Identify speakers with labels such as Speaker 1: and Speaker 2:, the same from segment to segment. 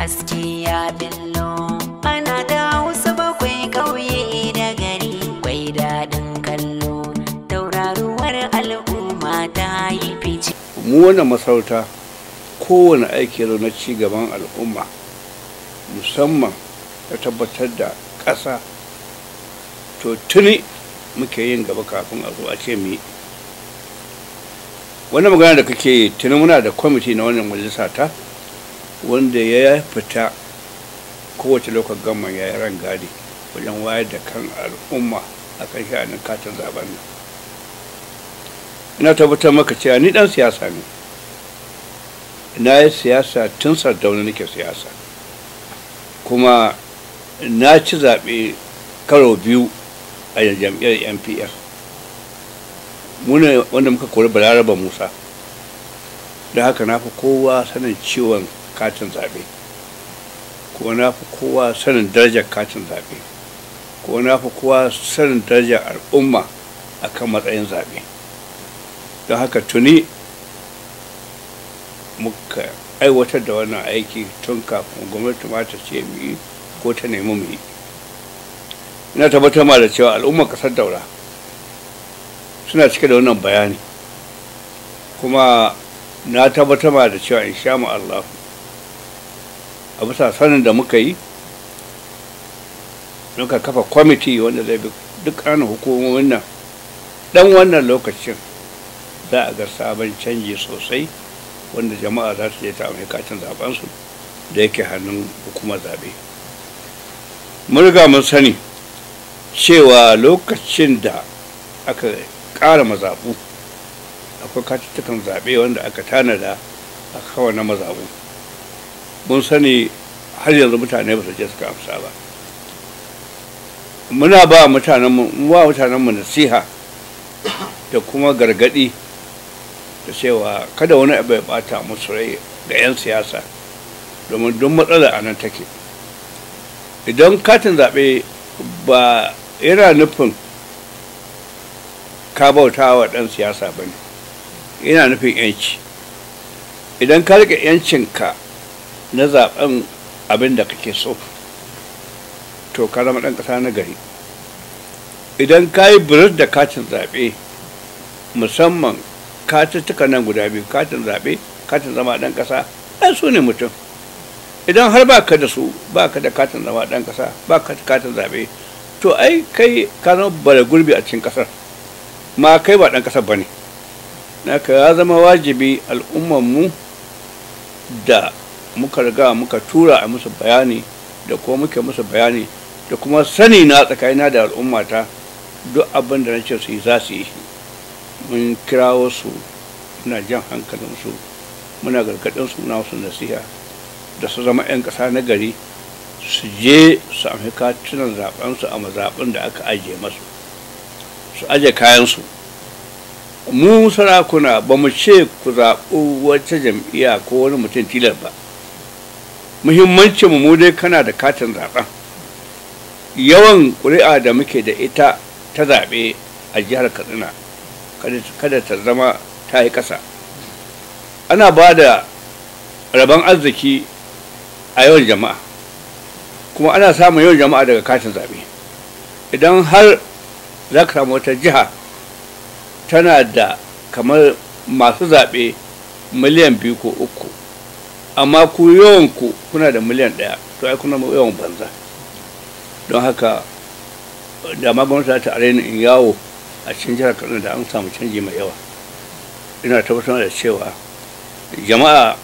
Speaker 1: haske ya bello. ana da wasu bakwai kauye da gari kwai daɗin kallo tauraruwar al'umma ta yi fice mu wannan masarauta kowane aiki na ci gaban al'umma musamman ta tabbatar da ƙasa to tuni muke yin gaba kafin a zo a ce mu Wani magana da kake tuni muna da kwamiti na wannan majalisa ta wanda ya fita kowace lokacin gama ya yi rangadi wajen wayar da kan al'umma a kan sha'anin katin zaben nan ina tabbatar maka cewa ni dan siyasa ne na yi siyasa tun sardauna nake siyasa kuma na ci zaɓe karo biyu a jam'iyyar npf muna wanda muka kori balaraba musa da haka na fi kowa sanin ciwon katin zaɓe ko na fi kowa sanin darajar katin zaɓe ko na fi kowa sanin darajar al'umma a kan matsayin zaɓe don haka tuni muka aiwatar da wannan aiki tun kafin gwamnati ma ta ce mu yi ko ta nemi mu yi ina tabbatar ma da cewa al'ummar kasar daura suna cike da wannan bayani kuma na tabbatar ma da cewa in sha mu Allah a bisa sanin da muka yi muka kafa kwamiti wanda zai bi duk ana hukumomin nan dan wannan lokacin za a ga sabon canji sosai wanda jama'a za su je ta amurkacin zabensu da yake hannun hukumar zabe mun riga mun sani cewa lokacin da aka ƙara mazaɓu akwai katutukan zaɓe wanda aka tanada a kawai na mazaɓu mun sani har yanzu mutane ba su je suka amsa ba muna ba mutanenmu mutanenmu nasiha da kuma gargadi da cewa kada wani abu ya bata musu rai ga 'yan siyasa domin duk matsala a nan take idan katin zaɓe ba yana nufin ka bauta wa ɗan siyasa ba ne yana nufin yanci idan ka rike yancinka na zaben abin da kake so to ka zama ɗan ƙasa na gari idan ka yi biris da katin zaɓe musamman katuttuka nan guda biyu katin zaɓe katin zama ɗan ƙasa ɗan su ne mutum idan har ba ka da su ba ka da katin zama ɗan ƙasa ba ka da katin zaɓe to ai kai ka zama bara gurbi a cikin ƙasar ma kai ba ɗan kasar ba ne na ka ya zama wajibi al'ummarmu da muka riga muka tura a musu bayani da kuma muke musu bayani da kuma sani na tsakanina da al'ummata duk abin da na ce su yi za su yi mun kirawo su muna jan hankalinsu muna gargaɗin muna wasu nasiha da su zama 'yan ƙasa na gari su je su amfi katunan zaɓensu a mazaɓin da aka ajiye masu su aje kayansu mu sarakuna ba mu ce ku zaɓi wata jam'iyya ko wani mutum tilar ba muhimmancin mu dai kana da katin zaben yawan ƙuri'a da muke da ita ta zaɓe a jihar katsina kada ta zama ta yi ƙasa ana ba da rabon arziki a yawan jama'a kuma ana samun yawan jama'a daga katin zaɓe idan har za ka samu wata jiha tana da kamar masu zaɓe miliyan biyu ko uku amma ku yawan kuna da miliyan ɗaya to ai kuna yawan banza don haka da ma gwamnati ta raina in yawo a cikin jihar kaduna da an samu canji mai yawa ina tabbatar da cewa jama'a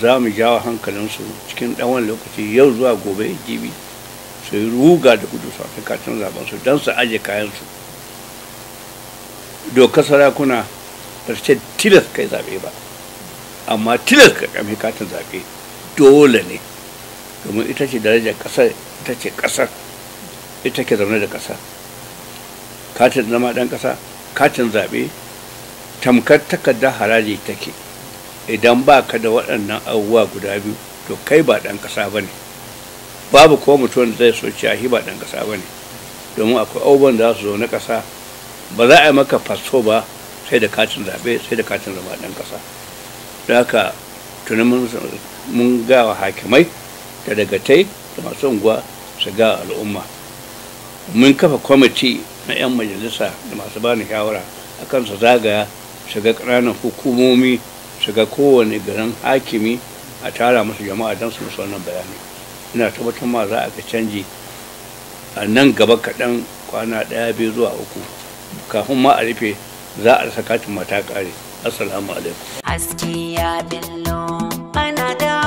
Speaker 1: za mu jawo hankalinsu cikin ɗan wani lokaci yau zuwa gobe ya gibi su yi ruga da gudu su a kacin zaben su don su aje kayansu dokar sarakuna ba ta ce tilas kai zaɓe ba amma tilas ka kame katin zaɓe dole ne domin ita ce darajar ƙasar ita ce ƙasar ita ke zaune da ƙasa katin zama ɗan ƙasa katin zaɓe tamkar takardar haraji take idan ba ka da waɗannan abubuwa guda biyu to kai ba ɗan ƙasa ba ne babu kuma mutum zai so ciyahi ba ɗan ƙasa ba ne domin akwai abubuwan da za su zo na ƙasa ba za a yi maka faso ba sai da katin zaɓe sai da katin zama ɗan ƙasa da haka tuni mun gawa hakimai da dagatai da masu unguwa su ga al'umma mun kafa kwamiti na 'yan majalisa da masu bani shawara akan su zagaya su ga ƙananan hukumomi su ga kowane garin hakimi a tara musu jama'a don su musu wannan bayani ina tabbatar ma za a ga canji a nan gaba kaɗan kwana ɗaya biyu zuwa uku kafin ma a rufe za a sakatin mata ƙare assalamu alaikum haske ya billo ana da